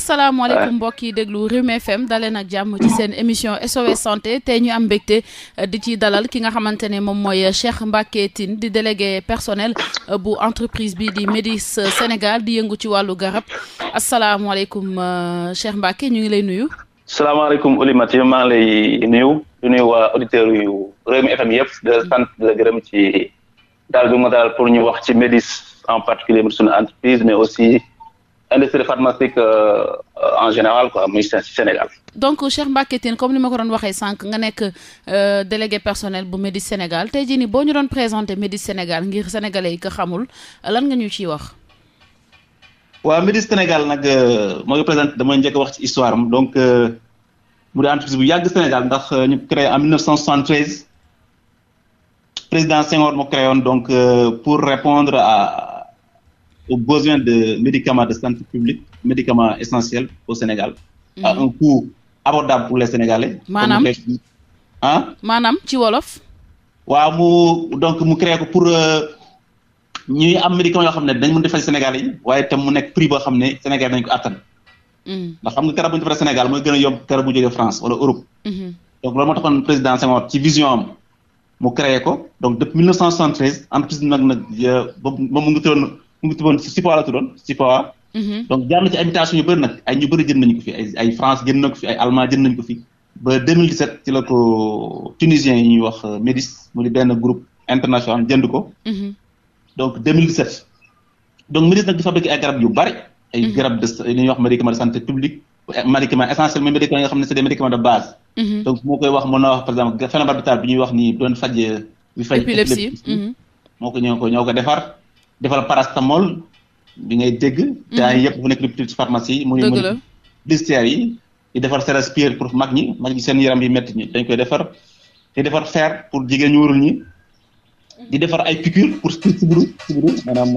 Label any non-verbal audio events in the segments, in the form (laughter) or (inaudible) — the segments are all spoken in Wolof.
asalaamaaleykum mbokk yi déglu Rewmi FM daleen ak jàmm ci seen émission SOS santé tey ñu am mbégte euh, di ci dalal ki nga xamante ne moom mooy euh, Cheikh Mbacké di délégué personnel euh, bu entreprise bi di Médis Sénégal di yëngu ci wàllu garab asalaamaaleykum Cheikh Mbacké ñu ngi lay nuyu. salaamaaleykum Oulimata maa ngi lay nuyu di nuyu waa auditeurs yu Rewmi FM yëpp di la sant di ci daal bi ma daal pour ñu wax ci Médis en particulier suñu entreprise mais aussi. industrie pharmaceutique euh, en général quoi muy Sénégal. donc Cheikh Mbacké comme ni ma ko doon waxee sànq nga nekk euh, délégué personnel bu Médis Sénégal tey jii ni boo ñu doon présenté Médis Sénégal ngir sénégalais yi ko xamul lan nga ñu ciy wax. waaw Médis Sénégal nag euh, mooy ngi présenté damay njëkk wax ci histoire donc mu daan entreprise bu yàgg Sénégal ndax ñu créé en 1973 président Senghor moo créé woon donc pour répondre à. aux besoins de médicaments de santé publique médicaments essentiels au Sénégal. Mmh. à mm. un coût abordable pour les Sénégalais. maanaam ah. maanaam ci wolof. waaw mu donc mu créé ko pour euh, ñuy am médicaments yoo xam ne dañ moo defal Sénégal yi waaye itam mu nekk prix boo xam ne Sénégal dañ ko attan. Mm. ndax xam nga garab bu ñu defaree Sénégal mooy gën a yomb garab bu jógee France wala Europe. Mm-hmm. donc loolu moo taxoon président Senghor ci vision am mu créé ko donc depuis 1973 entreprise bi nag euh, mu ngi tuddoon Sipawa la tuddoon Sipawa. Mhm. donc jaar ci invitation yu bëri nag ay ñu bëri jënd nañu ko fi ay France jënd ko tunisien yi ñuy wax euh, MEDIS mu benn groupe international jënd ko. Mhm. donc 2017. donc MEDIS nag di ay garab yu bari. ay mhm. garab de li ñuy wax médicament de santé publique. médicament essentiel médicament de base. donc moo koy wax mën naa wax par exemple phénomène bi ñuy wax nii doon faj. Euh, faj épilepsie moo ko defal paracétamol bi ngay dégg. te mhm. ay yëpp bu nekk rupture ci pharmacie yi. mu ngi mën blister yi. di defar Séraspir pour mag ñi mag ñi seen yaram yi métti ñi dañ koy defar di defar fer pour jigéen ñu warul ñi. di defar ay piqûre pour sibiru sibiru maanaam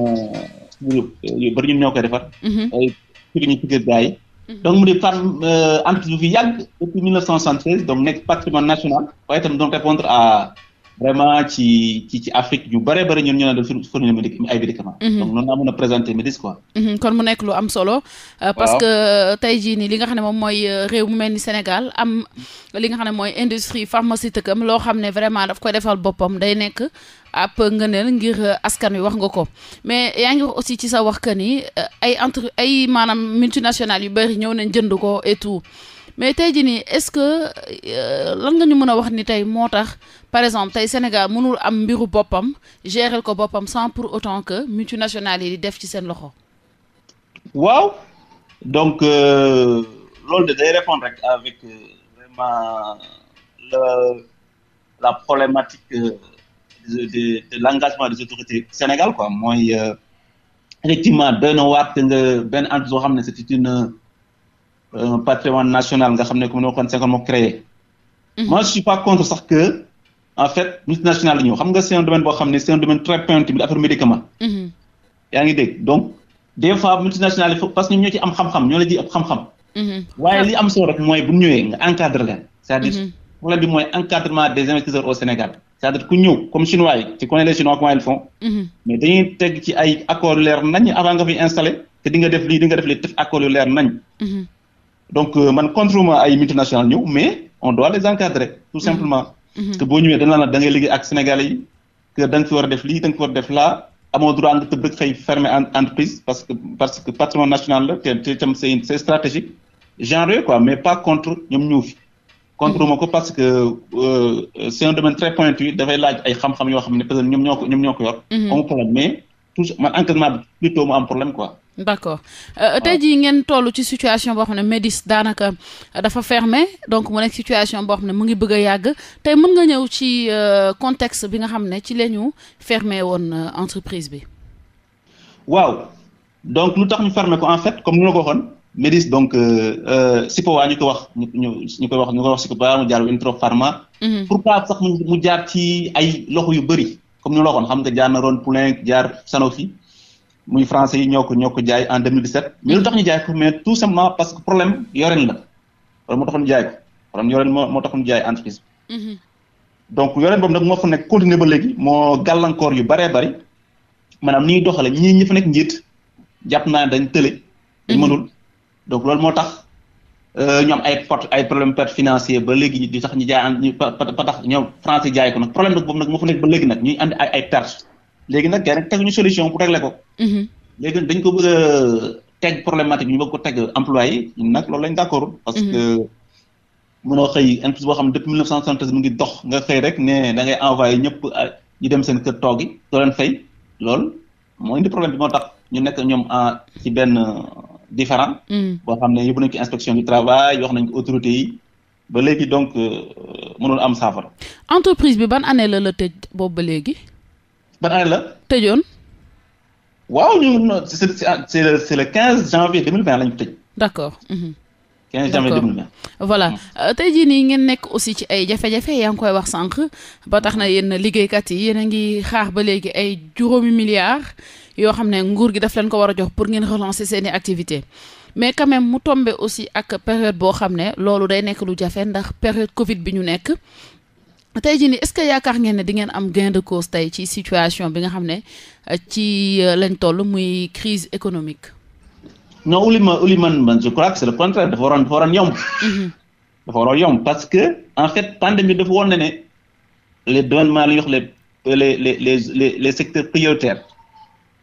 sibiru euh, euh, yu bëri ñun ñoo koy defar. Mhm. ay piqûre ñu piqûre gars yi. Mhm. donc mu di par euh, entreprise bu fi yàgg depuis national waaye itam doon répondre à. vraiment ci ci ci Afrique ñu bare bare ñun ñoo doon fournir ay médicaments. Mhm. donc noonu laa mën mhm, kon mu nekk lu am solo. Euh, parce que euh, tey jii nii li nga xam ne moom mooy euh, réew mu mel ni Sénégal am li nga xam ne mooy industrie pharmaceutique am loo xam ne vraiment daf koy defal boppam day nekk. ab ngëneel ngir askan wi wax nga ko mais yaa ngi aussi ci sa wax que ni ay entre ay maanaam multinationales yu bëri ñëw nañ jënd ko et tout. mais tey jii nii est-ce que euh, lan nga ñu mën a wax ni tey moo tax par exemple tey Sénégal mënul am mbiru boppam gérer ko boppam sans pour autant que multinationales yi di def ci seen loxo. waaw donc euh, loolu de day répondre rek avec euh, vraiment le la problématique de de l'engagement des autorités Sénégal quoi mooy effectivement benn waat nga benn entreprise boo xam ne c'est une. un patrimoine national nga xam ne comme ni ma ko waxee moo créé. Mhm. moi je suis pas contre sax que en fait multinationale la xam nga c'est un boo xam ne c'est un domaine très pointu bi affaire médicament. Mhm. yaa ngi dégg donc des fois multinationale il parce que ñoom ñoo ci am xam-xam ñoo la ji ëpp xam-xam. Mhm. waaye li am solo rek mooy bu ñëwee nga encadre leen. cest dire mooy encadrement des investisseurs au Sénégal. cest dire ku ñëw comme chinois ci ay accords yu leer donc euh, man contrement ay multinationales ñëw mais on doit les encadrer tout mm-hmm. simplement. Mm-hmm. que boo ñëwee dana la da ngay liggéey ak Sénégalais yi que da nga fi war a def lii da fi war a def laa amoo droit nga tëb rek xëy fermer entreprise parce que parce que patron national la te contre ñoom ko parce que euh, c'est un domaine très pointu dafay laaj ay xam-xam yoo xam ne peut-être ñoom ñoo ko ñoom ñoo mm-hmm. man encadrement am problème quoi. d' accord euh, euh, tey jii ngeen toll ci situation boo xam ne MEDIS daanaka euh, dafa fermé donc mu nekk situation boo xam ne mu ngi bëgg a yàgg tey mën nga ñëw ci contexte bi nga xam ne ci la ñu fermé woon entreprise bi. waaw donc lu tax ñu fermé ko en fait comme ni ma ko waxoon MEDIS donc SIPOA ñu ko wax ñu ñu ko wax ñu ko wax SIPOA mu jaar Introp Pharma. Mhm. pour pas sax mu jaar ci ay loxo yu bëri comme ni ma la waxoon xam nga jaar na Rhône Poulenc jaar Sanofi. muy français yi ñoo ko ñoo ko jaay en 2017 mais lu tax ñu jaay ko mais tout simplement parce que problème yoreen la moo tax jaay moo moo tax jaay entreprise bi. Mm-hmm. donc yoreen boobu nag moo fa nekk continuer ba léegi moo gàllankoor yu baree bari maanaam ni ñuy doxalee ñi fa nekk njiit jàpp naa ne dañ tële. dañ mm-hmm. mënul donc loolu moo tax euh, ñu ay porte ay problème perte financier ba léegi di tax ñu jaay en ñu pa tax ñoom français ko nag problème nag moo fa nekk ba léegi nag ñuy andi ay ay perte. léegi nag gars yi nag teguñu solution pour régler ko. Mm-hmm. léegi dañ ko bëgg a teg problématique ñu bëgg ko teg emploi yi nag loolu lañ d'accord. parce mm-hmm. que mënoo xëy boo xam ne depuis 1973 mu ngi dox nga xëy rek ne da ngay envoyé ñëpp ah, ñu dem seen kër toogi doo leen fay lool moo indi problème bi moo tax ñu nekk ñoom ah, ci benn euh, différent mm. boo xam ne yóbbu nañ ko inspection du travail wax nañ ko autorité yi ba léegi donc euh, mënul am saafara. entreprise bi ban année la la tëj boobu ba léegi. ban la. tëjoon. waaw ñu non c' est c' est quinze janvier deux mille vingt la tëj. d' accord. Mhm. quinze janvier mm. euh, tey jii nii ngeen nekk aussi ci ay jafe-jafe yaa ngi koy wax sànq ba tax na yéen liggéeykat yi yéen a ngi xaax ba léegi ay juróomi milliards yoo xam ne nguur gi daf leen ko war a jox pour ngeen relancer seeni activité mais quand même mu tombee aussi ak période boo xam ne loolu day nekk lu jafe ndax période Covid bi ñu nekk tey jii nii est-ce que yaakaar ngeen ne di ngeen am gain de cause ci situation bi nga xam ne euh, ci euh, lañ toll muy crise économique. non uli ma uli man man je crois que le contraire dafa waroon mm-hmm. dafa waroon yomb. parce que en fait pandémie dafa woon ne ne les gouvernement la yox le les les les les les secteurs prioritaires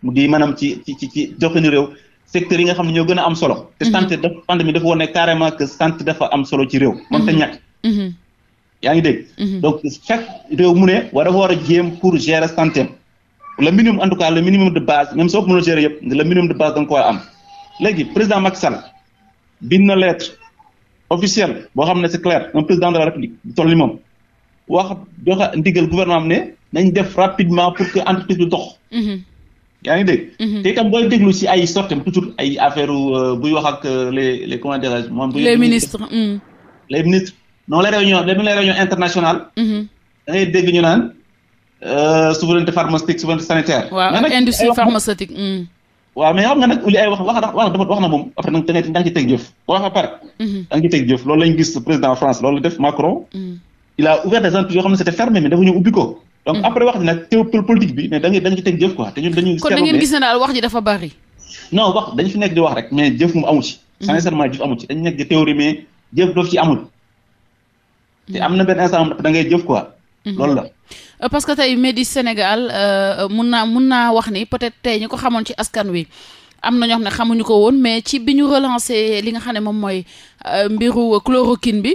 mu di maanaam ci ci ci ci joxinu réew secteurs yi nga xam ne ñoo gën a am solo. te mm-hmm. santé dafa pandémie dafa woon ne carrément que santé dafa am solo ci réew. moom mm-hmm. te ñàkk. yaa ngi dégg. Mhm. donc chaque réew mu ne war dafa war a jéem pour gérer santé le minimum en tout cas le minimum de base même soo ko mënul gérer yëpp le minimum de base da nga ko war a am léegi président Macky Sall bind na lettre officielle boo xam ne c'est clair un président de la république bu ni moom wax ndigal gouvernement ne nañ def rapidement pour que entreprise bi dox. Mhm. yaa ngi dégg. Mhm. te itam booy déglu si ay sortem toujours ay affaire euh, buy wax ak euh, les les comment non les réunions même les réunions internationales. Mhm. da ngay dégg ñu naan euh, souveraineté pharmaceutique souveraineté sanitaire. mais industrie pharmaceutique. Mm. waaw mais xam nga nag li ay wax wax wax na moom après da ngay da nga ci mhm. ñu mm. ubbi donc mm. après wax ji nag politique bi mais da nga teg jëf quoi kon da gis ne daal wax ji dafa bari. non wax dañu fi nekk di wax rek mais jëf moom amu ci. sincèrement jëf amu ci nekk di théorie mais jëf doof ci amul. te am na benn instant da ngay jëf quoi. Mhm. loolu la. Euh, parce que tey Medis Sénégal euh, mun naa mun naa wax ni peut-être tey ñu ko xamoon ci askan wi am na ñoo ne xamuñu ko woon mais ci bi ñu relancé linga nga xam ne moom mooy euh, mbiru chloroquine bi.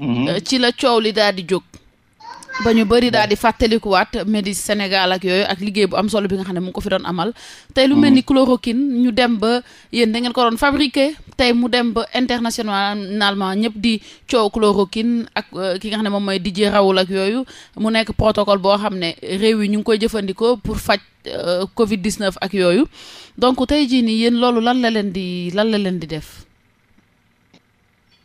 Mhm. ci la coow li daal di jóg. ba ñu bëri daal di fàttalikuwaat Médis Sénégal ak yooyu ak liggéey bu am solo bi nga xam ne mu ngi ko fi doon amal tey lu mel ni mm-hmm. chloroquine ñu dem ba yéen da ngeen ko doon fabriqué tey mu dem ba internationalement ñëpp di coow chloroquine ak euh, ki nga xam ne moom mooy Didier Raoult ak yooyu mu nekk protocole boo xam ne réew yi ñu ngi koy jëfandikoo pour faj euh, Covid 19 ak yooyu donc tey jii nii yéen loolu lan la leen di lan la leen di def.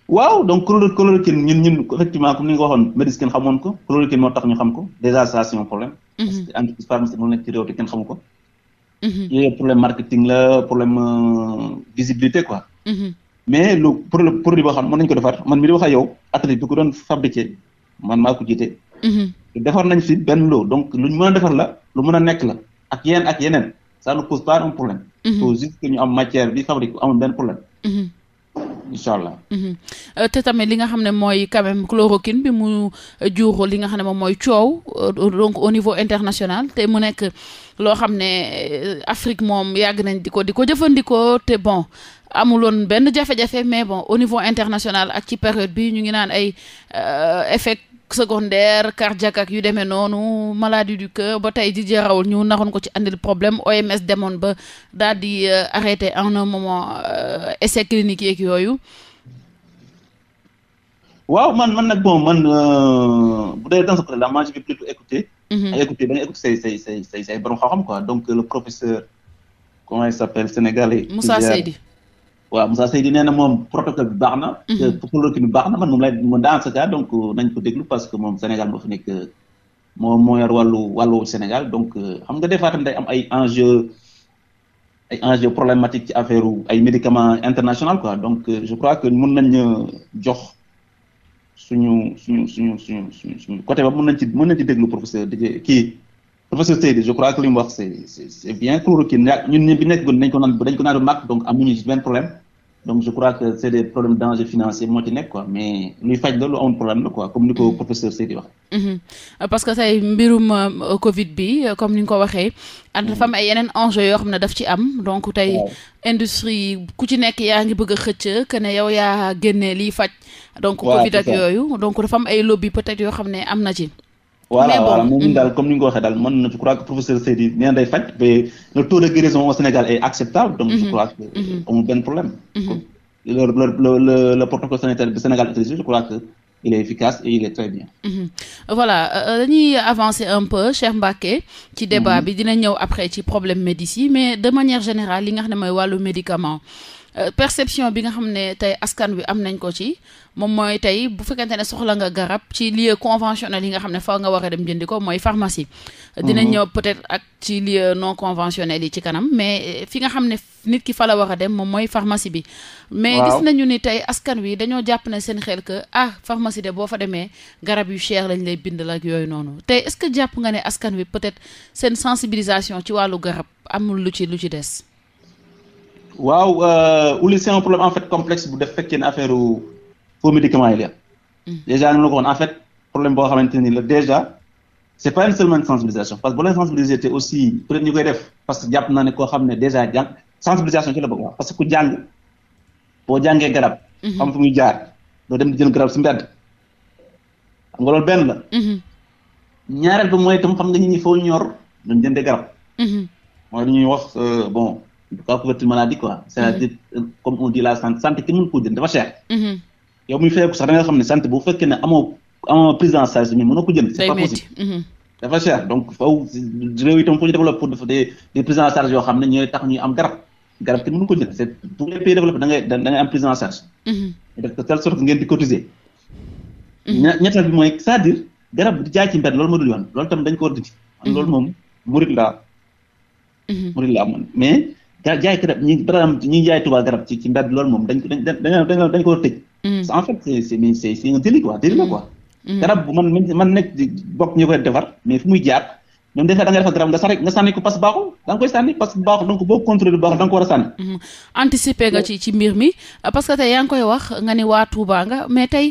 waaw donc chloroquine ñun ñun effectivement comme ni nga waxoon médecine xamoon ko chloroquine moo tax ñu xam ko déjà ça c'est problème. Mhm. parce que entreprise moo nekk ci mhm. euh, mhm. lu produit produit boo xam mën nañu ko defar man mi di wax ak yow atelier bi ko doon fabriqué man maa ko jiite. defar nañ fi benn loo donc lu ñu mën a defar la lu mën a nekk la ak yeneen ak yeneen ça ne pose pas un problème. il juste que ñu am matière bi fabrique amul benn problème. incha allah. Mhm. Euh, te tamit li nga xam ne mooy quand même chloroquine bi jur li nga xam ne mo mooy coow euh, donc au niveau international te mu nekk loo xam ne euh, Afrique moom yàgg nañ di ko di ko te bon amuloon benn jafe-jafe mais bon au niveau international ak ci période bi ñu ngi naan ay euh, effet secondaire cardiaque ak yu demee noonu maladie du cœur ba tey Didier Raoult ñu naroon ko ci andil problème OMS demoon ba daal di euh, arrêté en un moment euh, essai clinique yooyu. waaw man man nag bon man bu dee dans ce problème là moi je vais plutôt écouter. Mhm. ay écouter da donc le professeur comment il s'appelle sénégalais. Moussa Seydi. waaw Moussa Seydi nee na moom protocole bi baax na. Mhm. chloroquine bi baax na man moom lay mu dans ce cas donc euh, nañ ko déglu parce que moom Sénégal moo fi nekk euh, moo moo wàllu wàllu Sénégal donc euh, xam nga des fois day am ay enjeux ay enjeux problématiques ci affaire ay médicament international quoi donc je crois que mun nañ jox suñu suñu suñu suñu suñu côté ba mun nañ ci mën nañ ci déglu professeur Didier kii. professeur Seydi je crois que li mu wax c'est c'est bien chloroquine ñun a bi nekk dañ ko naan dañ ko naan màgg donc amuñu benn problème donc je crois que c'est des problèmes d'enjeux financiers moo ci nekk quoi mais luy faj la mm-hmm. mm-hmm. euh, am mm-hmm. ay yeneen ci am donc tey industrie ku ci nekk yaa ngi bëgg a xëcc que yaa génnee liy faj. donc Covid yooyu donc dafa ay lobby peut yoo xam ne am na ci. voilà voilà moom daal mm-hmm. comme ni nga ko waxee daal man je crois que professeur Seydi nee na day faj mais le taux de au Sénégal est acceptable donc je mm-hmm. crois que mm-hmm. amul benn problème le le sanitaire bi Sénégal utilisé je crois que il est efficace et il est très bien. Mmh. voilà euh, euh, dañuy euh, avancer un peu Cheikh Mbacké ci débat bi dina ñëw après ci problème médici mais de manière générale li nga xam ne mooy wàllu médicament. Euh, perception bi nga xam ne tey askan wi am nañ ko ci moom mooy tey bu fekkente ne soxla nga garab ci lieu conventionnel yi nga xam ne fa nga war a dem jëndi ko mooy pharmacie. Mhm. dinañ ñëw peut-être ak ci lieu non conventionnel yi ci kanam mais euh, fi nga xam ne nit ki fa la war a dem moom mooy pharmacie bi. mais gis nañu ni tey askan wi dañoo jàpp ne seen xel que ah pharmacie de boo fa demee garab yu cher lañ lay bind ak yooyu noonu tey est-ce que jàpp nga ne askan wi peut-être seen sensibilisation ci wàllu garab amul lu ci lu ci des. waaw euh, Ouli c'est un problème en fait complexe bu def fekkee ne affaire faux médicament yi la hmm. déjà nu la ko woon en fait problème boo xamante ni la déjà c'est pas une seulement sensibilisation parce que bu leen sensibiliser que jàpp naa ne koo xam ne déjà jàng sensibilisation ci la bëgg parce que ku jàng boo jàngee garab. xam hmm. fu muy jaar doo dem di jël garab si mbedd. xam nga benn la. Hmm. ñaareel ba mooy itam xam nga nit ñi foo ñor dañu jëndee garab. mooy lu ñuy wax euh, la couverture maladie quoi c'est-à-dire comme on dit a santé santé ki mën dafa cher yow muy feeku sax xam ne santé bu fekkee ne amoo amoo charge mi mënoo ko jënd dafa cher donc réew itam foo ñu développe pour def des charge yoo xam ne ñooy tax ñuy am garab garab kenn mënu ko jënd am prise charge def ngeen di cotiser ñetteel bi mooy cest à garab di jaay ci mbedd loolu ma dul yoon loolu tam dañ ko war dindi man hmm. loolu moom murit laa hmm. murit mais jaay jaay garab ñi par exemple ñi jaay tubaab garab ci ci mbedd loolu moom dañ koy defar mais fu muy jaar ñoom defar garab nga sànni ko parce baaxul da koy sànni parce que baaxul donc boo contrôlé baaxul da ko war a sànni. Mm-hmm. anticiper nga ci ci mbir mi parce que tey yaa koy wax nga ni waa Touba nga mais tey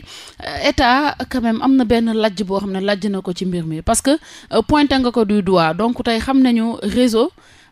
euh, état quand am na benn lajj boo xam ne lajj na ko ci mbir mi parce que euh, pointé nga ko du doigt donc tey xam nañu réseau.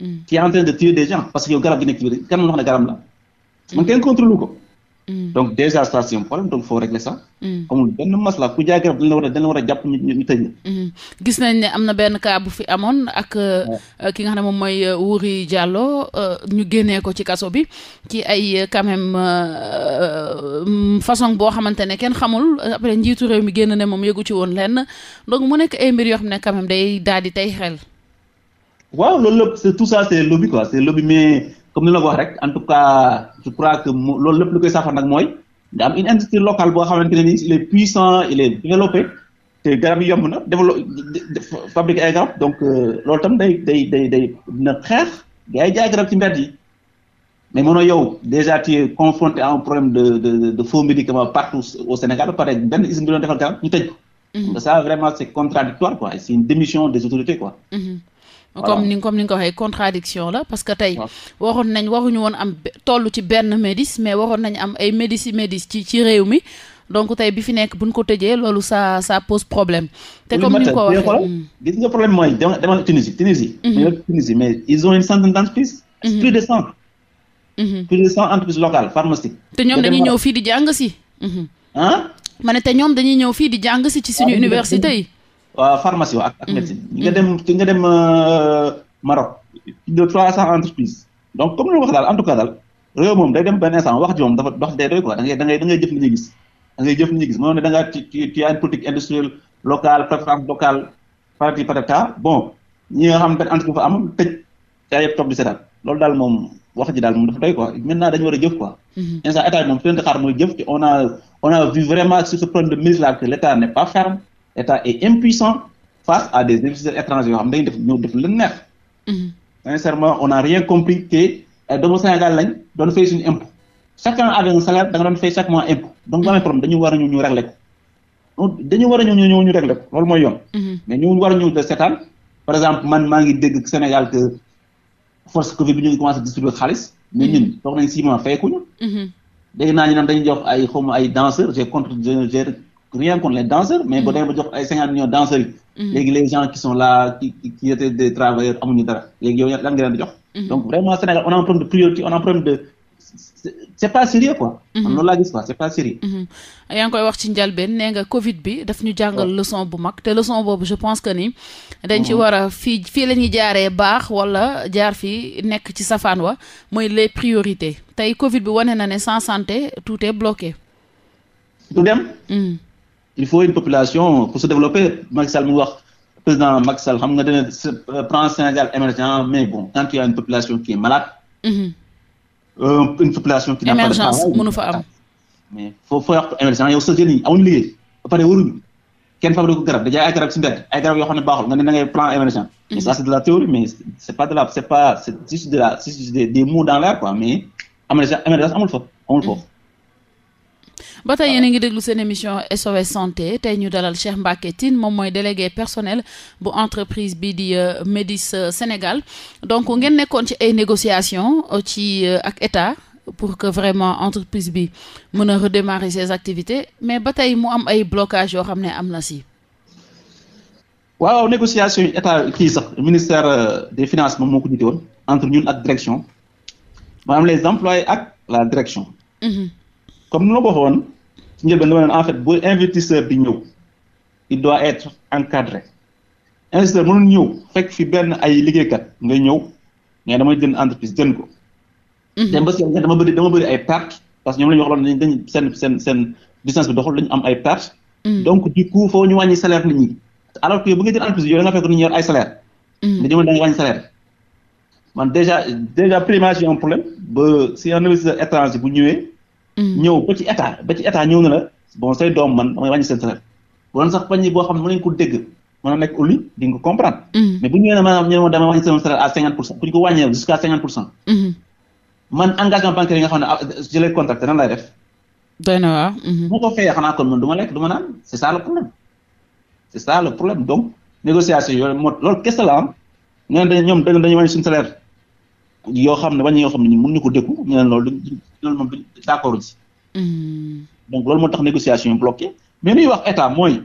Mm. qui est en de tuer des gens parce que yow garab gi nekk ci biir kan ne garab la. man mm. kenn contrôle ko. Mm. donc déjà ça c'est donc faut régler ça. amul benn masla ku a dañ la war a jàpp ñu ñu mm-hmm. gis nañ ne am na benn cas bu fi amoon ak euh, ki nga xam ne moom mooy euh, Wuri jàlloo euh, ñu génnee ko ci kaso bi ci ay quand même façon boo xamante ne kenn xamul après njiitu réew mi génn ne moom yëgu ci woon lenn donc mu nekk ay mbir yoo xam ne quand day daal di tey xel. waaw loolu lépp tout ça c'est lobby quoi c'est lobby mais comme ni la ko rek en tout cas je crois que loolu lépp lu koy saafara nag mooy nga am une industrie locale boo xamante ne ni il est puissant il est développé te garab yi yomb na développé fabriqué ay garab donc euh, loolu tam day day day day dina xeex gars yi jaay garab ci mbedd yi mais mënoo yow déjà tu es confronté à un problème de de de faux médicaments partout au Sénégal pare benn usine bi doon ñu tëj ko. Mm-hmm. ça vraiment c'est contradictoire quoi c'est une démission des autorités comme ni comme ni nga ko waxee contradiction la parce que tey waxoon nañ waxuñu woon am toll ci benn médis mais waxoon nañ am ay médis yi médis ci ci réew mi donc tey bi fi nekk bu buñ ko tëjee loolu ça ça pose problème te comme ni nga ko waxee hmm. gis nga problème mooy demal Tunisie Tunisie mhm. Tunisie mais ils ont une centaine d'entreprises mhm. plus de cent mhm. plus de cent te ñoom dañuy ñëw fii di jàng si ah ma ne te ñoom dañuy ñëw fii di jàng si ci suñu ah, université yi Euh, pharmacie ak ak mm. médecine. Mm. nga dem euh, de trois cent entreprises. donc comme lu wax daal en tout cas daal réew moom day dem benn instant wax ji moom dafa wax day da ngay da ngay da ngay jëf li ñuy gis. da ngay jëf li locale préférence locale parti patata bon ñi xam benn entreprise fa am tëj yaa yëpp toog di seetaan loolu daal moom wax ji daal moom dafa doy quoi maintenant dañu war a jëf quoi. Mm-hmm. instant état bi moom fi leen di xaar mooy jëf te on a on a vu vraiment sur ce de mise là que l' pas ferme. état est impuissant face à des investisseurs étrangers yoo xam dañuy def ñëw def lu neex. Mhm. sincèrement on n'a rien compris que ay eh, doomu Sénégal lañ doon fay suñu impôt chaque an avec salaire da doon fay chaque mois impôt dañu war a ñu réglé dañu war a ñëw ñu ñu réglé loolu mooy yoon. Mhm. mais ñu war a ñëw de par exemple man maa ngi Sénégal que force Covid bi ñu ngi commencé distribuer xaalis mais ñun mhm. toog nañ six mois fayekuñu. dégg naa ñu naan contre j'ai rien contre les danseurs mais boo demee ba jox ay cinquante millions danseurs yi mm. léegi les gens qui sont là qui qui étaient des travailleurs amuñu mm-hmm. donc vraiment Sénégal on a un priorité on a un problème c'est pas sérieux quoi mm-hmm. man laa gis quoi c'est pas sérieux mm-hmm. yaa ngi koy wax ci njalbeen nee covid bi daf ñu jàngal leçon bu mag te leçon boobu je pense que ni dañ ci war a fii fii la ñuy jaaree baax wala jaar fii nekk ci safaan wa mooy les priorités tey covid bi wane na ne sans santé tout est du dem mm. il faut une population pour se développer Macky Sall mu wax président Macky Sall xam nga dana euh, plan Sénégal émergent mais bon quand il y a une population qui est malade. Mm-hmm. euh, une population qui n'a pas de travail fa am. mais foo foo wax émergent yow sa jeunes yi amuñu liggéey ba pare waruñu kenn fabrique ko garab da jaay ay garab ci mbedd ay garab yoo xam ne baaxul nga ne da plan émergent. Mhm. mais c'est de la théorie mais c'est pas de la c'est pas c'est juste de la c'est dans l'air quoi mais ba tey yéen a ngi déglu seen émission SOS santé tey ñu dalal Cheikh Mbacké Tine moom mooy délégué personnel bu entreprise bi di euh, Médis euh, Sénégal donc ngeen nekkoon ci ay négociation euh, ci ak état pour que vraiment entreprise bi mën a redémarrer ses activités mais ba tey mu am ay blocages yoo xam ne am na si. waaw négociation yi état kii sax ministère de finances moom moo ko jiite woon entre ñun ak direction maanaam les employés ak la direction. Mm comme nu ma ko waxoon ci njëlbeen dama naan en fait bu investisseur di ñëw il doit être encadré investisseur mënul ñëw fekk fi benn ay liggéeykat nga ñëw mais damay jënd entreprise jënd ko. Mhm. dem ba seen dama bëri dama bëri ay pertes parce que ñoom la ñu waxoon dañuy dañuy seen seen seen business bi dañu am ay pertes. Mhm. donc du coup foo ñu wàññi salaire nit ñi. alors que bu nga jël entreprise yooyu da nga fekk ni ñu yor ay salaire mhm. mais ñoom da nga wàññi man déjà déjà premièrement j'ai ba si un investisseur étranger bu ñëwee. Mm. ñëw ba ci état ba ci état ñëw na la bon say doom man damay wàññi seen salaire wala sax wàññi boo xam ne mm. ma damay wàññi seen salaire à cinquante pour cent bu ñu ko wàññee jusqu'à cinquante pour cent. Mm-hmm. man engagement bancaire yi nga xam ne ah, je l'ai contacté lay def. doy na waaw. Mm-hmm. bu ko fayee xanaa kon man du lekk du naan c'est ça le problème c'est ça le problème donc négociation yooyu moo loolu kese la ah ñoom wàññi suñu salaire. yoo xam ne wàññi yoo xam ne ñu mënuñu ko déglu ñu ne loolu loolu moom d'accord ci hmm. donc loolu moo tax négociation yi bloqué mais luy wax état mooy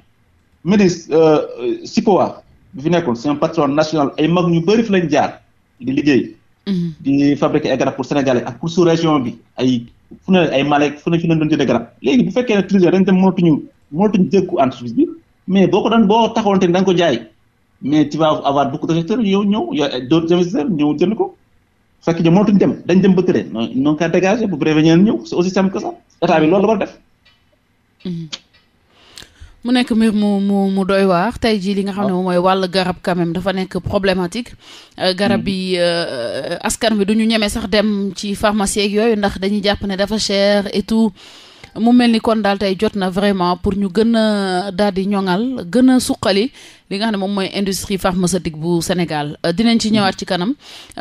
ministre euh, SIPOA bi ñu bëri fi lañ jaar di liggéey. Hmm. di fabriquer ay garab pour sénégalais ak pour sous bi ay fu ne ay Malek fu ne fi lañ doon jëndee garab boo ko doon boo taxawoon te da ko jaay mais tu vas avoir beaucoup de secteurs yow ñëw yow d'autres ñëw jënd ko. fekk ñoom mënatuñ dem dañ dem ba tëddee non non qu'à dégager bu prévenir ñëw c'est aussi simple que ça état bi loolu la def. Mm-hmm. mu nekk mbir mu mu mu doy waax tey jii li nga xam ne ah. moom mooy wàll garab kameem dafa nekk problématique. Euh, garab mm-hmm. bi euh, askan wi du ñu ñeme sax dem ci pharmacie ak yooyu ndax dañuy jàpp ne dafa cher et mu mel ni kon daal tey jot na vraiment pour ñu gën a daal di ñoŋal gën a suqali li nga xam ne moom mooy industrie pharmaceutique bu Sénégal euh, dinañ ci ñëwaat ci kanam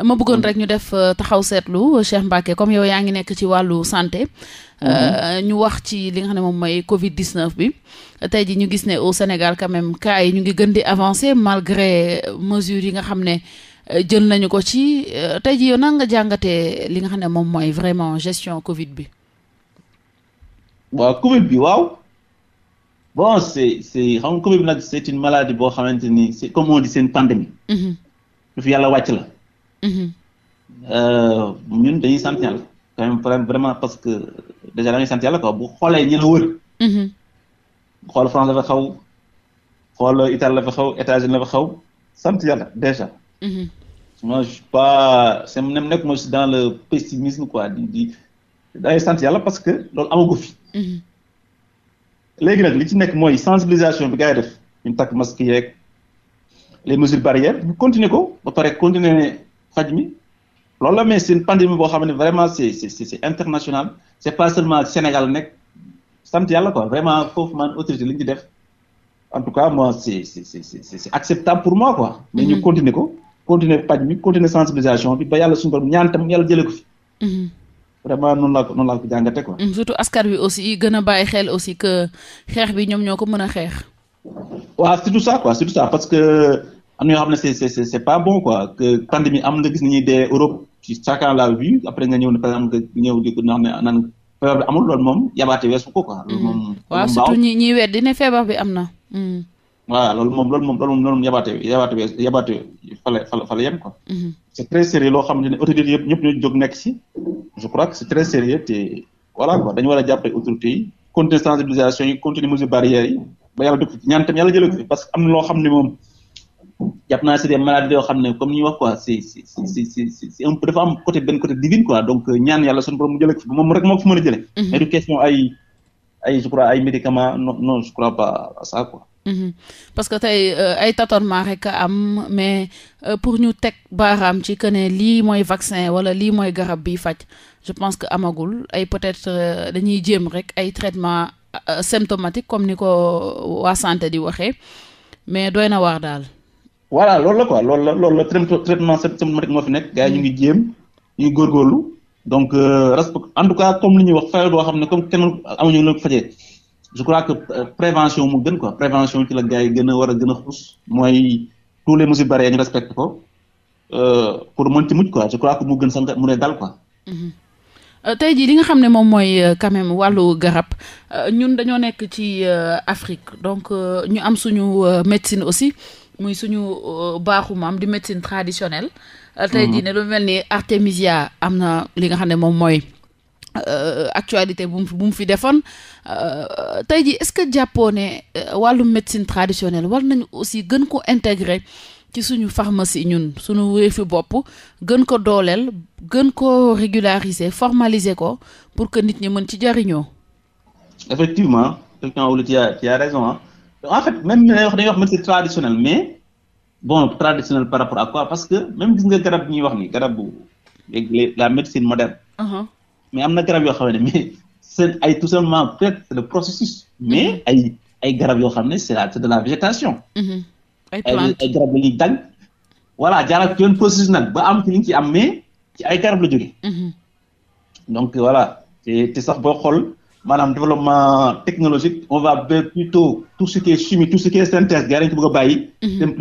ma bëggoon rek ñu def euh, taxaw seetlu Cheikh Mbacké comme yow yaa ngi nekk ci wàllu santé euh, mhm. ñu wax ci li nga xam ne moom mooy Covid 19 bi tey ji ñu gis ne au Sénégal quand même cas yi ñu ngi gën di avancer malgré mesures yi nga xam ne jël nañu ko ci tey ji yow nan nga jàngatee li nga xam ne moom mooy vraiment gestion Covid bi. waaw Covid bi waaw bon c'est c'est xam nga Covid bi nag c'est une maladie ni c'est comme on dit c'est une lu mm-hmm. fi yàlla wàcc la. Mm-hmm. Euh, ñun dañuy sant yàlla quand même vraiment parce que déjà dañuy sant yàlla quoi bu xoolee ñi la wër. Mm-hmm. xool France la fa xaw xool Italie la fa xaw États-Unis la fa xaw sant yàlla déjà. moi je suis nekk moi je dans le pessimisme quoi di di dañuy sant yàlla parce que loolu amagu fi. Mm-hmm. léegi nag li ci nekk mooy sensibilisation bi ngay def ñu takk masque yeeg les mesures barrières ñu continuer ko ba pare continuer faj mi loolu la mais c'est pandémie boo xam ne vraiment c'est c'est c'est international c'est pas seulement Sénégal nekk sant yàlla quoi vraiment foofu man autorité li ñu def en tout cas moi c'est c'est c'est c'est acceptable pour moi quoi. mais ñu mm-hmm. continuer ko continuer faj mi continuer sensibilisation bi ba yàlla suñu borom ñaan tam yàlla jëlee ko fi. Mm-hmm. vraiment noonu laa ko noonu laa ko jàngate quoi. Mm, surtout askan wi aussi gën a bàyyi xel aussi que xeex bi ñoom ñoo ko mën a xeex. waaw surtout ça quoi surtout ça parce que am na yoo xam ne c'est c'est c'est pas bon quoi que pandémie am nga gis nañuy dee Europe ci chacun l'a vu après nga ñëw ne par exemple nga ñëw di ko naan naan feebar bi amul loolu moom yabaate weesu ko quoi. loolu mm. moom waaw surtout ñi ñi weddi ne feebar bi am na. Mm. voilà loolu moom loolu moom loolu moom loolu moom yabaate yabaate yabaate fale mm-hmm. très sérieux loo xamante ne autorités yëpp ñëpp ñu jóg nekk si. je crois que c' est très sérieux te voilà quoi dañu war a jàppale autorités loo xam ne moom jàpp naa si des maladies xam ne comme ni ñuy wax quoi c' est c' est c' est c' est un peu dafa am côté benn côté divine quoi donc ñaan yàlla suñu borom mu jëlee ko moom rek moo fi mën a jëlee. Mm-hmm. mais du question ay ay je crois ay médicaments Mhm. parce que tey euh, ay tâtonnement rek am mais euh, pour ñu teg baaraam ci que lii mooy vaccin wala lii mooy garab bi faj je pense que amagul ay peut-être euh, dañuy jéem rek ay traitement symptomatique comme ni ko waa sante di waxee mais dooy na waar daal. voilà loolu la quoi loolu la loolu la traitement symptomatique moo fi nekk gars yi ñu ngi jéem ñu ngi góorlu donc respect en tout cas comme li ñuy wax feebar boo xam ne comme kenn amuñu la fajee. je crois que euh, prévention mu gën ko prévention ci la gars yi a war a gën a xuus mooy tous les mesures barrières ñu respecte ko euh, pour mën ci mucc quoi je crois que mu gën sax mu ne dal ko mm-hmm. euh, tey jii li nga xam ne moom mooy quand même wàllu garab ñun dañoo nekk ci Afrique donc ñu am suñu médecine aussi muy suñu baaxu maam di médecine traditionnelle. tey jii mm-hmm. ne lu mel ni artémisia am na li nga xam ne moom mooy. Euh, actualité bu mu bu mu fi defoon euh, tey ji est-ce que jàppoo ne euh, wàllum médecine traditionnelle war nañu aussi gën ko intégrer ci suñu pharmacie ñun suñu wéefi bopp gën ko dooleel gën ko régulariser formaliser ko pour que nit ñi mën ci jariñoo effectivement effectivement Oulu tu as tu as raison ah en fait même dañuy wax dañuy wax médecine traditionnelle mais bon traditionnelle par rapport à quoi parce que même gis nga garab bi ñuy wax ni garab bu la médecine moderne uh-huh. mais am na garab yo xam ne mais seen ay tout simplement peut-être mm-hmm. garab yoo xam ne c'est de la végétation. Mm-hmm. ay plantes ay garab la ñuy dagg. voilà jaaraat ci yoon processus nag ba am ci li ñu ci am mais ay garab la jógee. Mm-hmm. donc voilà te te sax bo xool maanaam développement technologique on va vers plutôt tout ce qui est chimie tout ce qui est synthèse gars a bàyyi. dem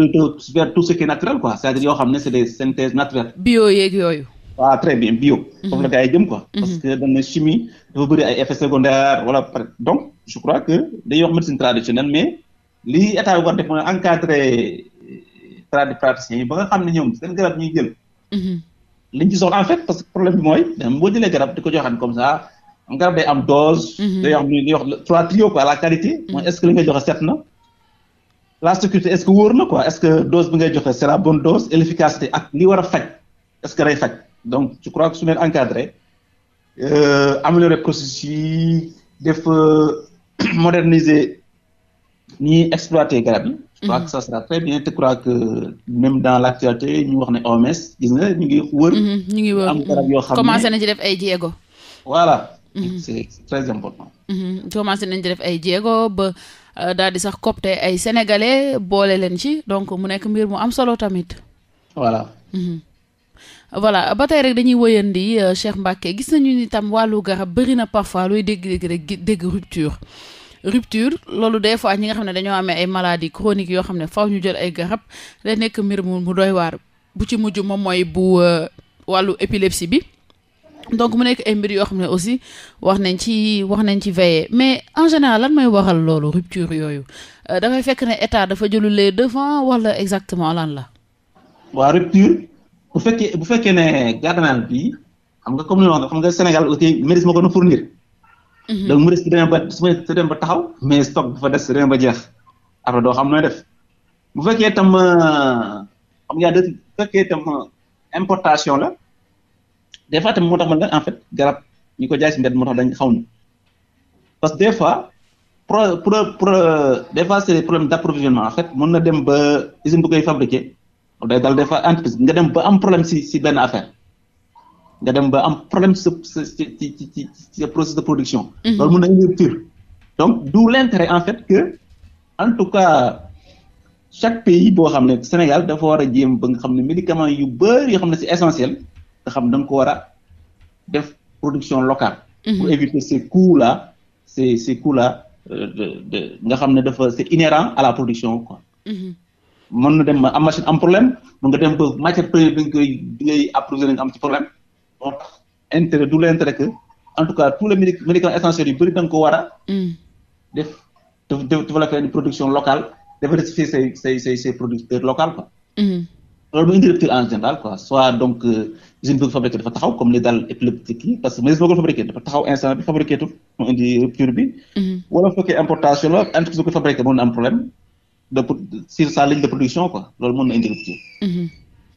xam ne c'est des synthèses naturelles. bio yeeg yooyu. ah très bi bio. Mhm. foofu la gars yi jëm mhm. parce que dañ na chimie dafa bëri ay effets secondaires wala pare je crois que dañuy wax médecine traditionnelle mais li état bi war def mooy encadrer eh, tradipraticiens yi ba nga xam ne ñoom seen garab ñuy jël. Mhm. liñ ci soxla en fait parce que problème moy mooy boo jëlee garab di ko joxaan comme ça garab day am dose. day wax trois trio la qualité. mooy est ce que li nga joxe set na. la sécurité est ce que wóor na quoi est ce que dose bi ngay joxe c' est la bonne dose et war a faj est ce faj. donc je crois que su leen encadré euh, améliorer processus yi def euh, (clears throat) moderniser ni ñuy exploiter garab yi. je crois que ça sera même dans l' actualité ñu wax ne OMS gis nga ñu ngi wër. Mhm, ñu ngi wër am garab yoo xam commencé na ci def ay jéego. wala c' est très important. Mhm, commencé nañ ci def ay jéego ba euh, daal di sax coopter ay sénégalais boole leen ci donc mu nekk mbir mu am solo tamit. voilà. Mhm. voilà ba tey rek dañuy wëyandi euh, Cheikh Mbacké gis nañu ni tam wàllu garab bëri na parfois looy dégg-dégg dégg rupture rupture loolu des fois ñi nga xam ne dañoo amee ay maladies chroniques yoo xam ne faw ñu jël ay garab day nekk mbir mu mu doy waar bu ci mujj moom mooy bu euh, wàllu épilepsie bi donc mu nekk ay mbir yoo xam ne aussi wax nañ ci wax nañ ci veiller mais en général lan mooy waral loolu rupture yooyu euh, dafay fekk ne état dafa jëlu les devant wala exactement lan la. bu fekkee bu fekkee ne gardenal bi xam nga comme ni ma xam nga Sénégal aussi MEDES ko doon fournir. Mhm. donc MEDES su demee ba su ma dem ba taxaw mais stock bu fa des ba jeex après doo xam nooy def bu fekkee tam euh, xam nga bu fekkee tam euh, importation la des fois tam moo tax ma en fait garab ñu ko jaay si mbedd moo tax dañ xaw na parce que des fois pro pro pro des fois c'est des d'approvisionnement en fait mën na dem ba usine bu koy fabriquer. day dal des fois entreprise nga dem ba am problème si si benn affaire nga dem ba am problème sa sa ci ci ci ci processus de production. Mhm. loolu mën na indi rupture. donc d'où l'intérêt en fait que en tout cas chaque pays boo xam ne Sénégal dafa war a jéem ba nga xam ne médicament yu bëri yoo xam ne si essentiel nga xam da nga ko war a def production locale. Mhm. pour éviter ces coûts là ces euh, nga xam ne dafa c'est inhérent à la production quoi. Mhm. mën na dem am machine am problème mën nga dem ba matière première problème donc intérêt du l'intérêt que en tout cas tous les médicaments essentiels yu bëri da ko war a mm. def développer une production locale diversifier say say say say producteurs locaux quoi mm-hmm. loolu mooy indi rupture en général soit donc euh, usine bi dafa taxaw comme li dal épileptique parce que mais usine boo dafa taxaw instant bi tout mu indi bi mm-hmm. wala bu importation la entreprise bi ko fabriqué de sur sa ligne de production quoi loolu mën na indi rupture. Mhm.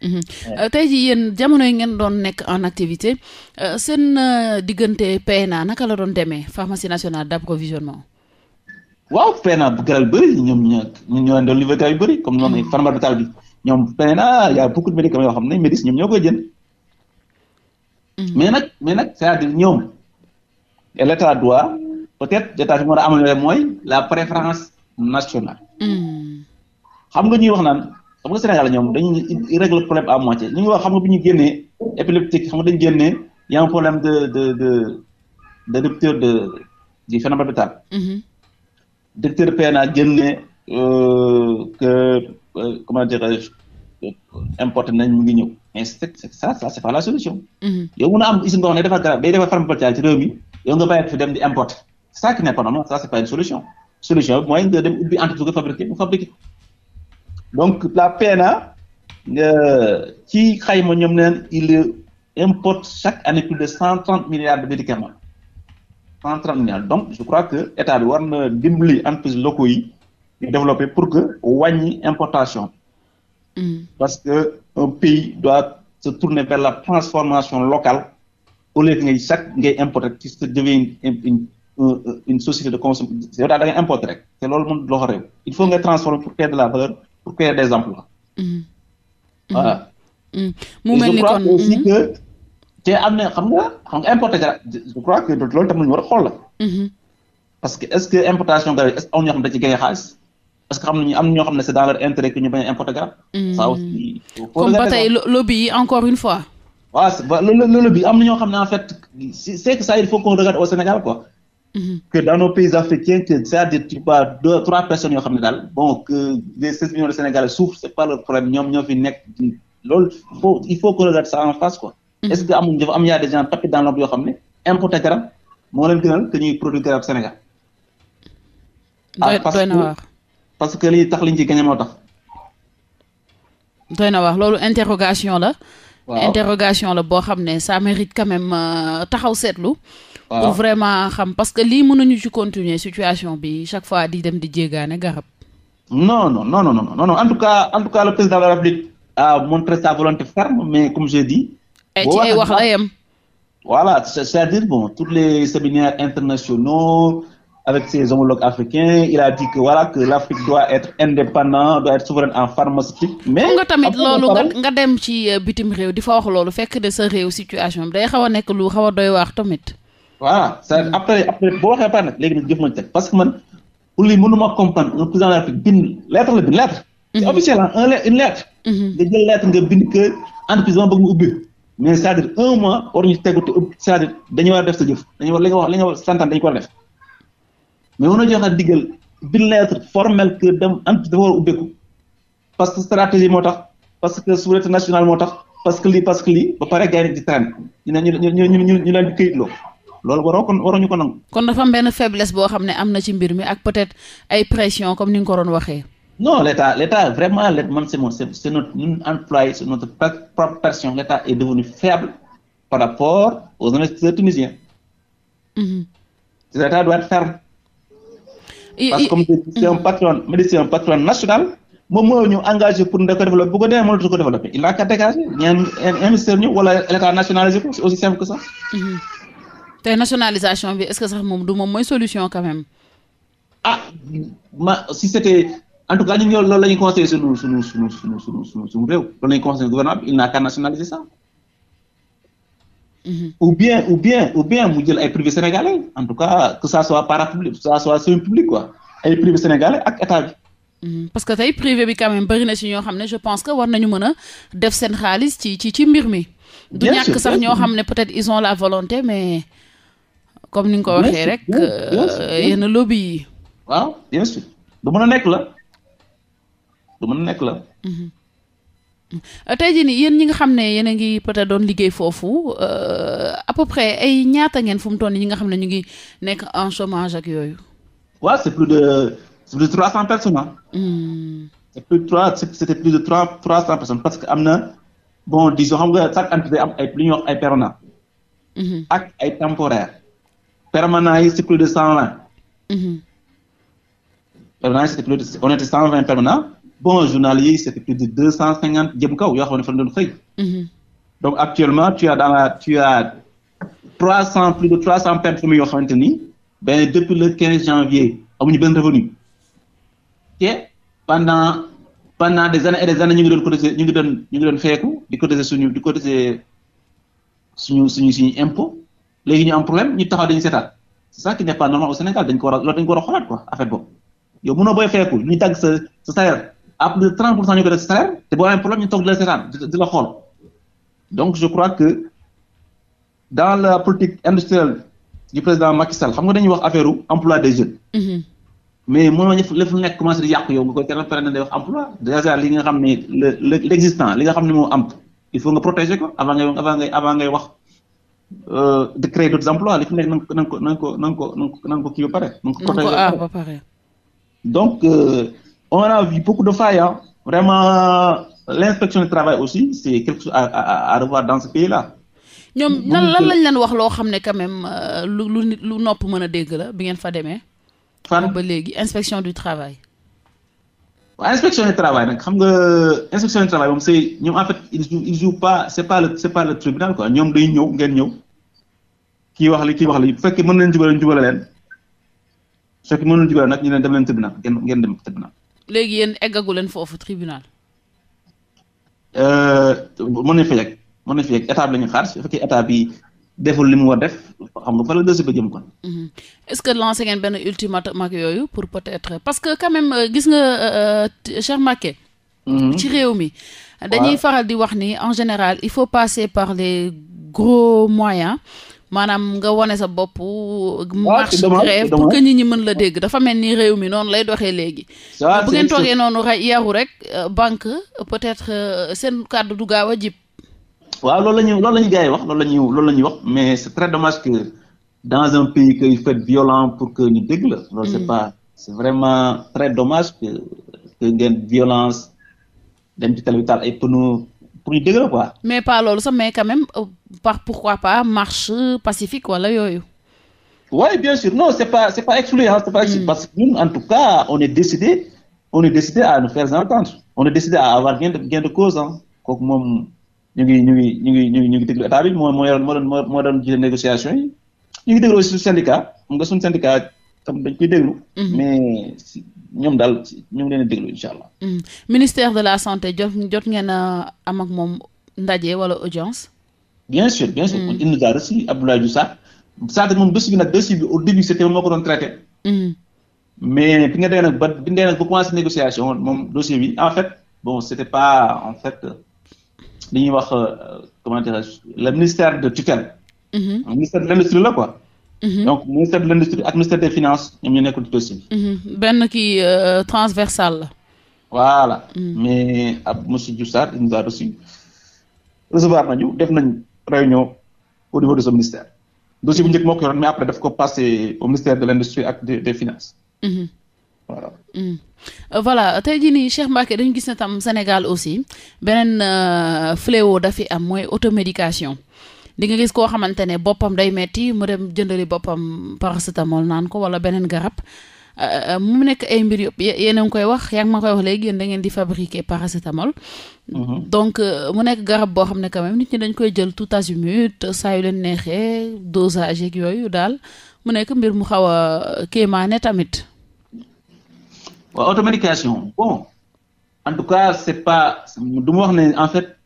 Mhm. Euh, tey jii yéen yi ngeen doon nekk en activité euh, seen euh, diggante PNA naka la doon demee pharmacie nationale d'approvisionnement. waaw PNA garab yu bëri ñoom ñoo ñoo leen doon livré garab yu bëri comme ñoom ay mhm. pharma d'hôpital bi a beaucoup de médicaments yoo xam ne mais nag mais nag c'est-à-dire ñoom. et l'État doit peut-être l'État bi moo a amal mooy la préférence. national. Hmm. xam nga ñuy wax naan xam nga Sénégal ñoom dañuy régler problème à moitié ñu ngi wax xam nga bu ñu génnee épileptique xam nga dañu génnee y a problème de de de de rupture de du phénomène orbital. Hmm. docteur PNA génne euh, que euh, mu ngi ñëw mais c'est ça ça c'est pas la solution. Hmm. yow a am usine mi yow nga bàyyi fi dem di importer ça qui n'est pas une solution. solution bi mooy nga dem ubbi entreprise nga fabriqué mu fabriqué ko donc la PNA euh, ci xayma ñoom neen il importe chaque année plus de cent trente milliards de médicaments cent trente milliards donc je crois que état bi war na dimbali entreprises locaux yi di développer pour que wàññi importation mm. parce que un pays doit se tourner vers la transformation locale o lieu que ngay chaque ngay importer qui se devient une Euh, euh, une société de consommation yow daal da ngay importer rek te loolu mënut loxo réew il faut nga transformer pour créer de la valeur pour créer des emplois mm-hmm. Mm-hmm. voilà mm-hmm. mu mel ni kon te am na xam nga xam nga importer garab je crois que loolu tam lu ñu war a xool la parce que est-ce que importation garab am ñoo xam ne da ci gagné xaalis parce que xam nañu ne c'est dans leur que ñu bañ a importer comme ba tey lobby yi encore une fois waaw loolu lobby am na ñoo xam ne en fait c'est que ça il faut qu'on regarde Sénégal quoi Mm-hmm. que dans nos pays africains que cest à trois personnes yoo xam ne daal bon que les seize millions de Sénégalais souffrent c'est pas leur problème ñoom ñoo fi nekk lool il faut il faut qu'on regarde ça en face quoi. Mm-hmm. est-ce que amuñ dafa am yaa des gens tapis dans l'ombre yoo xam ne importer garab moo leen gënal que ñuy produire garab Sénégal. ah parce que parce que li tax liñ ci gagné moo tax. doy na wax loolu interrogation la. waaw interrogation la boo xam ne ça mérite quand même euh, taxaw seetlu. pour vraiment xam parce que lii mënuñu ci continuer situation bi chaque fois di dem di jéegaane garab. non non non non non non en tout cas en tout cas le président de la République a montré sa volonté ferme mais comme je dis. ci ay wax la yem. voilà c'est-à-dire bon tous les séminaires internationaux avec ses homologues africains il a dit que voilà que l'Afrique doit être indépendante doit être souveraine en pharmaceutique. mais nga tamit loolu nga nga dem ci euh, bitim réew di fa wax loolu fekk de sa réew situation bi day xaw a nekk lu xaw a doy waar tamit. voilà c' est mm. après boo waxee pare nag léegi nag jëf nañu teg parce que man pour lii mënuma comprendre un président de la République bind lettre mm-hmm. un une mm-hmm. nga jël lettre nga bind que entreprise dama bëgg nga ubbi mais c' est à dire un mois war ñu tegu te c' est à dire dañu war a def sa jëf dañu war li nga wax li nga wax santaan dañu ko war a def mais mënoo joxe diggal bind lettre formelle que dem entreprise dafa war a ubbeeku parce que stratégie moo tax parce que souveraineté nationale moo tax parce que li parce que lii ba pare gars yi leen di këyitloo. loolu waroo kon waruñu ko nangu. kon dafa am benn faiblesse boo xam ne am na ci mbir mi ak peut-être ay pression comme ni nga ko doon waxee. non l'État l'État vraiment l' man c' est mon c' est notre ñun employé c' est notre propre pression l'État est par rapport aux investisseurs tunisiens. Mm-hmm. l'État doit être ferme. parce que comme moom moo ñu engagé pour nga ko développer bu ko demee mënatu ko développer il a qu'à dégager ñenn investisseurs ñu wala l'État nationalisé ko c'est aussi que ça. Mm-hmm. tey nationalisation bi est-ce que sax moom du moom mooy solution quand même. ah ma si c'était en tout cas ñun loolu la ñuy conseillé suñu suñu suñu suñu su suñu réew loolu la ñuy conseillé gouvernement bi il n'a qu'à nationaliser ça. Mhm. ou bien ou bien ou bien mu jël ay privé sénégalais en tout cas que ça soit parapublic que ça soit semi-public quoi ay privé sénégalais ak état mhm. parce que tey privé bi quand même bëri na ci ñoo xam ne je pense que war nañu mën a def seen xaalis ci ci ci mbir mi. du ñoo xam ne peut-être ils la volonté mais. comme ni nga ko waxee rek yenn euh, lobby yi. waaw bien sûr du mën a nekk la du mën a nekk la. Mm-hmm. tey jii nii yéen ñi nga xam ne yéen a ngi peut-être doon liggéey foofu euh, à peu ay ñaata ngeen fu mu toll nii ñi nga xam ne ñu ngi nekk en chômage ak yooyu. waaw c'est plus de c'est plus de trois cents personnes mm-hmm. parce que am na bon disons xam nga chaque entité am ay lu ñuy wax ay permanents. Mm-hmm. ak ay temporaires. permanent yi c'est plus de cent vingt. Mm-hmm. permanent yi c'était plus de on était cent vingt bon journalier yi c'était plus de deux cent cinquante jëm kaw yoo xam ne fa doon xëy. Mm-hmm. donc actuellement tu as dans la tu as trois cent plus de trois cent pères familles yoo xamante ni ben depuis le quinze janvier amuñu benn revenu te pendant pendant des années et des années ñu ngi doon cotiser ñu ngi doon ñu ngi doon feeku di cotiser ñu di cotiser suñu suñu suñu impôt. léegi ñu am problème ñu taxaw dañu seetaan c'est ça qui n'est pas normal au Sénégal dañ ko war a loolu dañ ko war a yow mënoo booy feeku ñu tàgg sa sa salaire à plus pour cent sa salaire te boo amee problème ñu toog di la seetaan di la xool donc je crois que dans la politique industrielle du président Macky Sall xam nga dañuy wax affaire emploi des jeunes. Mm-hmm. mais mënoo ñëpp lépp nekk commencé di yàqu yow nga koy teral pare na day wax emploi déjà li nga xam ne li nga moo am il faut nga protéger ko avant ngay avant wax. de créer d'autres emplois li fi nekk na nga ko na ko na nga ko na nga ko kii ba pare. na nga ko aar ah, ba pare. donc euh, on a vu beaucoup de failles hein. vraiment l'inspection du travail aussi c'est quelque chose à à dans ce pays-là. ñoom lan euh, lañ leen wax loo xam ne quand même euh, lu lu nit lu nopp mën a dégg la bi ngeen fa demee. fan ba léegi inspection du travail. waaw inspection du travail nag xam nga inspection du travail moom c'est ñoom en fait ils jouent ils jouent pas c'est pas le tribunal quoi ñoom day ñëw ngeen ñëw. kii wax li kii wax li bu fekkee mën leen jubale ñu jubale leen su mën leen jubale nag ñu leen dem leen tribunal ngeen ngeen dem tribunal. léegi yéen eggagu leen foofu tribunal. Euh, mën nañu fa yegg mën nañu fa yegg état bi la xaar su fekkee deful li mu war def xam nga fa la dossier ba kon. Mhm. est-ce que lancé ngeen benn ultimatum ak yooyu pour peut-être parce que quand même euh, gis nga euh, Cheikh Macké. Mhm. ci réew mi. dañuy faral di wax ni en général il faut passer par les gros moyens. maanaam nga wone sa bopp ah, marche grève pour que nit ñi mën la dégg dafa mel ni réew mi noonu lay doxee léegi bu ngeen toogee noonu yaru rek euh, banque peut-être euh, seen kàddu du gaaw a jib waaw loolu la ñuy loolu la ñu gars yi wax loolu la ñuy loolu la wax mais c'est très dommage que dans un pays que il faut violent pour que ñu dégg la loolu c'est mm. pas c'est vraiment très dommage que que ngeen violence dem ci tali ay pneus pour ñu dëgër quoi. mais pas loolu sax mais quand euh, par pourquoi pas marche pacifique wala yooyu. oui bien sûr non c'est pas c'est pas exclu hein c'est pas exclu mm. parce que ñun en tout cas on est décidé on est décidé à nous faire entendre on est décidé à avoir gain de gain de cause ah kooku moom ñu ngi ñu ngi ñu ngi ñu ngi ñu ngi déglu état bi moo moo yoroon négociation yi ñu ngi déglu aussi suñu syndicat xam nga suñu syndicat tam dañ koy déglu. Mm-hmm. mais ñoom daal ñoom leen déglu incha allah. Hmm. ministère de la santé jot ngeen a am ak moom ndaje wala audience. bien sûr bien sûr. il nous a reçu Abdoulaye Diouf Sarr. Sarr moom dossier bi nag dossier bi au début c'était moom ko doon traité. Hmm. mais bi nga dee ba bi nga dee nag moom dossier bi en fait bon c'était pas en fait li ñuy wax euh, comment dirais le ministère de tutelle. Hmm. ministère de l'industrie la quoi. Mhm. donc ministère de l'industrie ak ministère des finances ñoom ñu nekkul ci dossier bi. Mhm. benn ki euh, transversal la. voilà. Mhm. mais ab monsieur Diouf Sarr il nous a reçu nañu réunion au niveau de ce ministère. dossier bu njëkk moo ko yoroon mais après daf ko passé au ministère de l'industrie ak des finances. voilà. Euh, voilà tey jii nii Cheikh Mbacké dañu gis ne tam Sénégal aussi beneen euh, fléau dafi am mooy automédication. di gis koo xamante ne boppam day metti mu dem jëndali boppam paracétamol naan ko wala beneen garab euh, euh, mu nekk ay mbir yëpp a ngi koy wax yaa ngi ma koy wax léegi yéen da ngeen di fabriquer paracétamol. Mm-hmm. donc euh, mu nekk garab boo xam ne quand nit ñi dañ koy jël tout azimut saa yu leen neexee dosage yeeg yooyu daal mu nekk mbir mu xaw a kéemaane tamit. waaw automédication bon en tout cas c'est pas du ma wax ne en fait.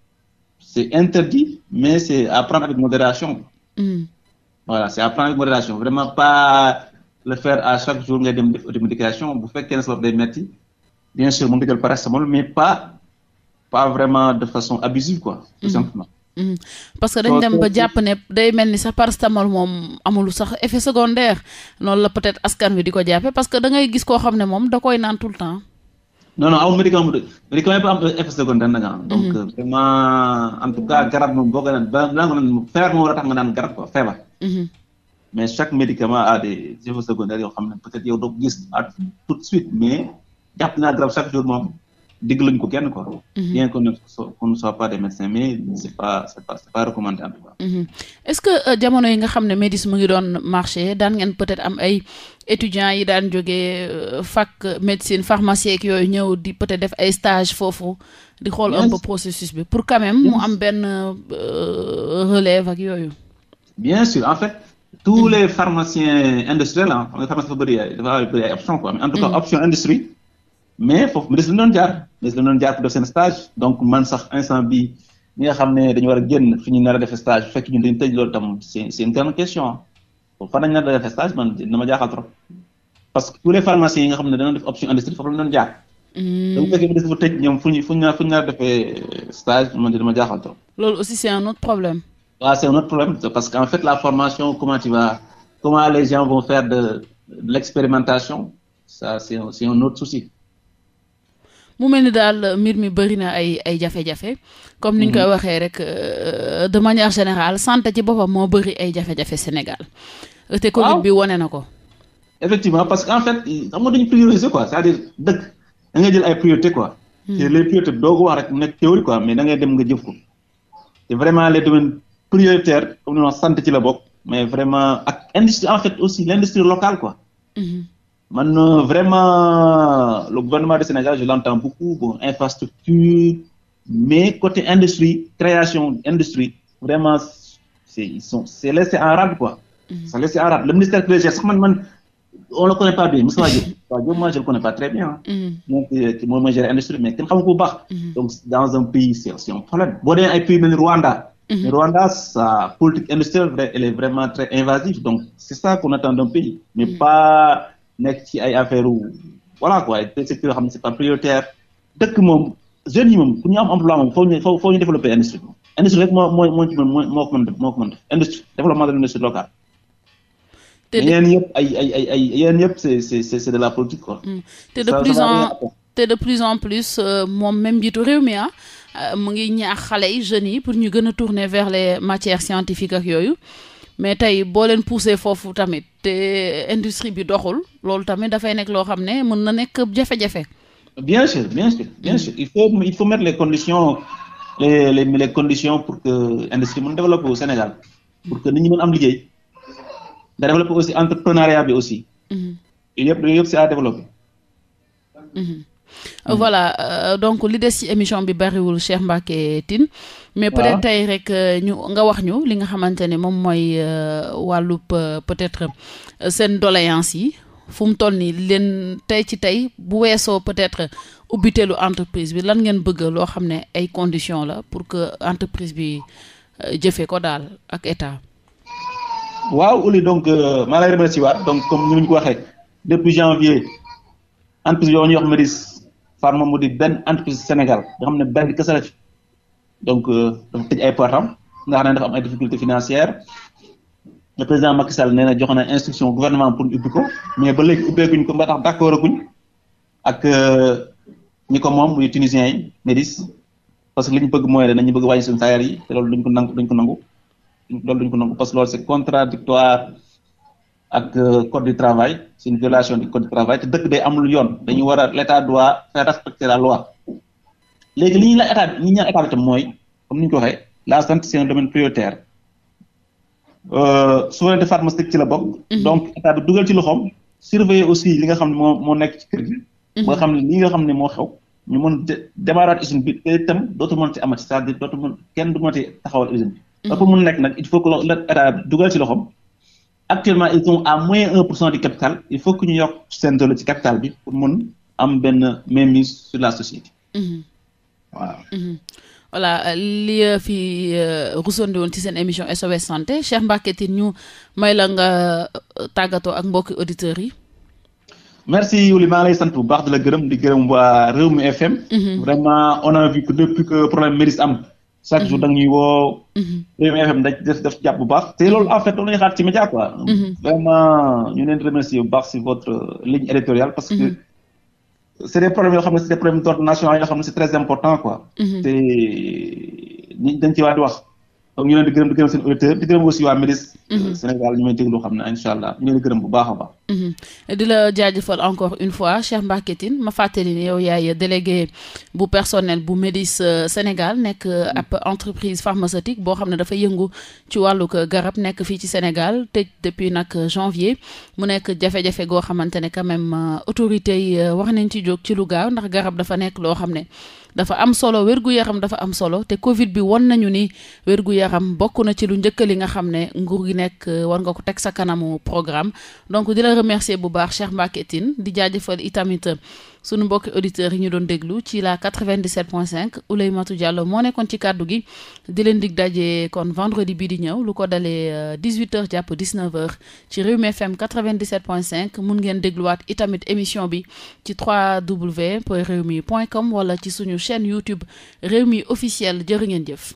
c'est interdit, mais c'est à prendre avec modération. Mm. Voilà, c'est à prendre avec modération. Vraiment pas le faire à chaque jour nga dem def automédication bu fekkee ne sabab day metti bien sûr mu digal paracétamol mais pas vraiment de façon abusive quoi tout hmm. simplement Mmh. parce que dañ dem ba jàpp ne day mel ni sax paracétamol moom amul sax effet secondaire noonu la peut-être askan wi di ko jàppe parce que da ngay gis koo xam ne moom da koy naan tout le temps non non amul médicament bu médicament yëpp am effet secondaire donc euh, vraiment en tout garab moom boo ko naan ba laa ko a nga naan garab quoi feebar. Mhm. mais chaque médicament a des effets secondaires yoo xam ne peut-être yow doo gis tout de suite mais jàpp naa garab chaque jour moom. diggaluñ ko kenn quoi. bien mhm. que qu'on ne soit pas des médecins mais c'est pas c'est pas recommandé en tout cas. Mhm. est-ce que euh, jamono yi nga xam ne Médis mu ngi doon marché daan ngeen peut-être am ay étudiants yi daan jógee euh, fac médecine pharmacie ak yooyu ñëw di peut def ay stage foofu. di xool un peu processus bi pour quand même mu am benn euh, relève ak yooyu. bien sûr en fait. tous mhm. les pharmaciens industriels ah nga pharmacie dafa bëri dafa bëri ay options quoi en tout cas option mais foofu ministre la doon jaar ministre la doon jaar pour def seen stage donc man sax instant nga xam ne dañu war a génn fi ñu nar a defee stage bu fekkee ñun dañu tëj loolu tam c'est c'est une grande question fan lañu a dama jaaxal trop parce que tous les pharmaciens yi nga xam ne dañoo def hmm. ñoom fu ñu fu ñu fu ñu nar a defee stage man dama jaaxal trop. loolu aussi c'est un autre problème. waaw c'est un autre problème parce que en fait la formation comment tu vas comment les gens vont faire de de l'expérimentation c'est un autre souci. mu mel ni daal mbir mi bëri na ay ay jafe-jafe comme niñ koy mhm. waxee rek euh, de manière générale santé ci boppam moo bëri ay jafe-jafe Sénégal te Covid bi wane na ko effectivement parce que en fait xam dañu prioriser quoi cest dire dëkk da ngay jël ay priorité quoi hmm. te les priorités doo ko wax rek mu nekk théorie quoi mais da ngay dem nga jëf ko te vraiment les domaines prioritaires comme ni ma santé ci la bokk mais vraiment ak industrie en fait aussi l'industrie locale quoi hmm. man euh, vraiment le gouvernement du Sénégal je l'entends beaucoup bon infrastructure mais côté industrie création industrie vraiment c'est laissé en rade quoi mhm. c'est laissé en rade le ministère que sax man man on le connaît pas bien Moussa (laughs) je le connais pas très bien mhm. donc moom euh, mooy gérer industrie mais kenn mhm. donc dans un pays c'est un problème donc c'est ça qu'on attend d'un pays mais pas nekk ci ay affaire voilà quoi ay secteurs yoo xam ne c'est pas dëkk moom jeunes yi moom pour ñu am emploi moom foo ñu foo ñu développer industrie industrie rek moo moo moo ci mën moo ko mën def moo ko mën def industrie développement ay ay yëpp c'est c'est c'est de la politique hmm. te de plus te de plus en plus euh, moom même jiitu réew mi ah euh, mu ngi ñaax xale yi jeunes yi pour ñu gën a tourner vers les matières scientifiques yooyu. mais tey boo leen poussé foofu tamit te industrie bi doxul loolu tamit dafay nekk loo xam ne mën na nekk jafe-jafe. bien sûr bien sûr bien sûr il faut il faut mettre les conditions les les, conditions pour que industrie mun développer au Sénégal pour que ni ñi mën am liggéey nga développer aussi entrepreneuriat bi aussi. Mhm. yooyu yëpp yooyu yëpp c'est à développer. mm Euh, hmm. voilà euh, donc li des ci émission bi bariwul Cheikh Mbacké tin mais peut-être tey rek euh, ñu nga wax ñu li nga xamante ne moom mooy wàllu peut-être seen doléance yi fu mu toll nii leen tey ci tey bu weesoo peut-être ubbiteelu entreprise bi lan ngeen bëgg loo xam ne ay conditions la pour que entreprise bi jëfe ko daal ak état. waaw Oly donc maa lay remercier waat donc comme ni ñu ko waxee depuis janvier entreprise yoo ñu wax Médis Pharma mu di benn entreprise Sénégal nga xam ne benn kese la fi donc euh, dafa tëj ay portam nga xam ne dafa am ay difficultés financières le président Macky Sall nee na jox na instruction gouvernement pour ubbi ko mais ba léegi ubbeeguñ ko ba tax d'accord guñ ak euh, ñi ko moom muy tunisiens yi Médis parce que li bëgg mooy dañu bëgg wàññi seen salaire yi te loolu duñ ko nangu ko nangu loolu duñ ko nangu parce que loolu c'est contradictoire ak euh, code du travail c'est une violation du te dëkk day amul yoon dañu war a l'état doit faire respecter la loi léegi li ñu la état ñi ñaan état mooy comme ni ko waxee la santé c'est un domaine prioritaire euh, souveraineté pharmaceutique ci la bokk. Mm-hmm. donc état bi dugal ci loxoom surveiller aussi li nga xam ne moo moo nekk ci kër gi. nga mm-hmm. xam ne li xam ne moo xew. ñu mën démarrer usine bi te itam dootu moon ci amati c'est-à-dire dootu mën kenn du mënati taxawal usine bi. dafa mm-hmm. mun nekk nag il faut que état dugal ci loxoom. actuellement ils sont à moins 1 pour cent du capital il faut que ñu yokk seen doole ci capital bi pour mun am benn mainmise sur la société. waaw. Mhm. Mhm. li euh, fi euh, ruusandoo woon ci seen émission SOS santé Cheikh Mbacké Tine ñu may nga euh, tàggatoo ak mbokki auditeurs yi. merci Wuli maa lay sant bu baax di la gërëm di gërëm waa Rewmi FM. Mhm. vraiment on a depuis que problème MEDIS am. chaque jour da nga ñuy woo. Mm-hmm. Rewmi FM dañ def def jàpp bu baax te loolu en fait loolu mm-hmm. vraiment ñu leen remercier baax si votre ligne éditoriale parce que. Mm-hmm. c' est des problèmes yoo xam ne c' d'ordre national yoo xam ne très important quoi. te ñi ci war di wax. donc ñu di gërëm di gërëm seen auditeur di gërëm aussi waa MEDES. Mhm. Sénégal ñu xam ne incha allah ñu leen di gërëm bu baax a mhm. di la jaajëfal encore une fois Cheikh Mbacké ma fàttali ne yow yaay délégué bu personnel bu MEDES euh, Sénégal nekk euh, ab entreprise pharmaceutique boo xam ne dafa yëngu ci wàllug euh, garab nekk fii ci Sénégal tëj depuis nag janvier mu nekk jafe-jafe goo xamante ne quand même autorités yi wax nañ ci jóg ci lu gaaw ndax garab dafa nekk loo xam ne. dafa am solo wér-gu-yaram dafa am solo te Covid bi won nañu ni wér-gu-yaram bokk na ci lu njëkk li nga xam ne nguur gi nekk euh, war nga ko teg sa kanamu programme donc dina la bu baax Cheikh Mbacké Tine di jaajëfal itamit sunu mbokki auditeurs yi ñu doon déglu ci la 97.5 Ouleymatou Diallo moo nekkoon ci kàddu gi di leen dig dajee kon vendredi bii di ñëw lu ko dalee 18h euh, jàpp 19h ci Rewmi FM 97.5 mun ngeen dégluwaat itamit émission bi ci 3w point rewmi point com wala ci suñu chaîne YouTube Rewmi officiel jërë ngeen jëf.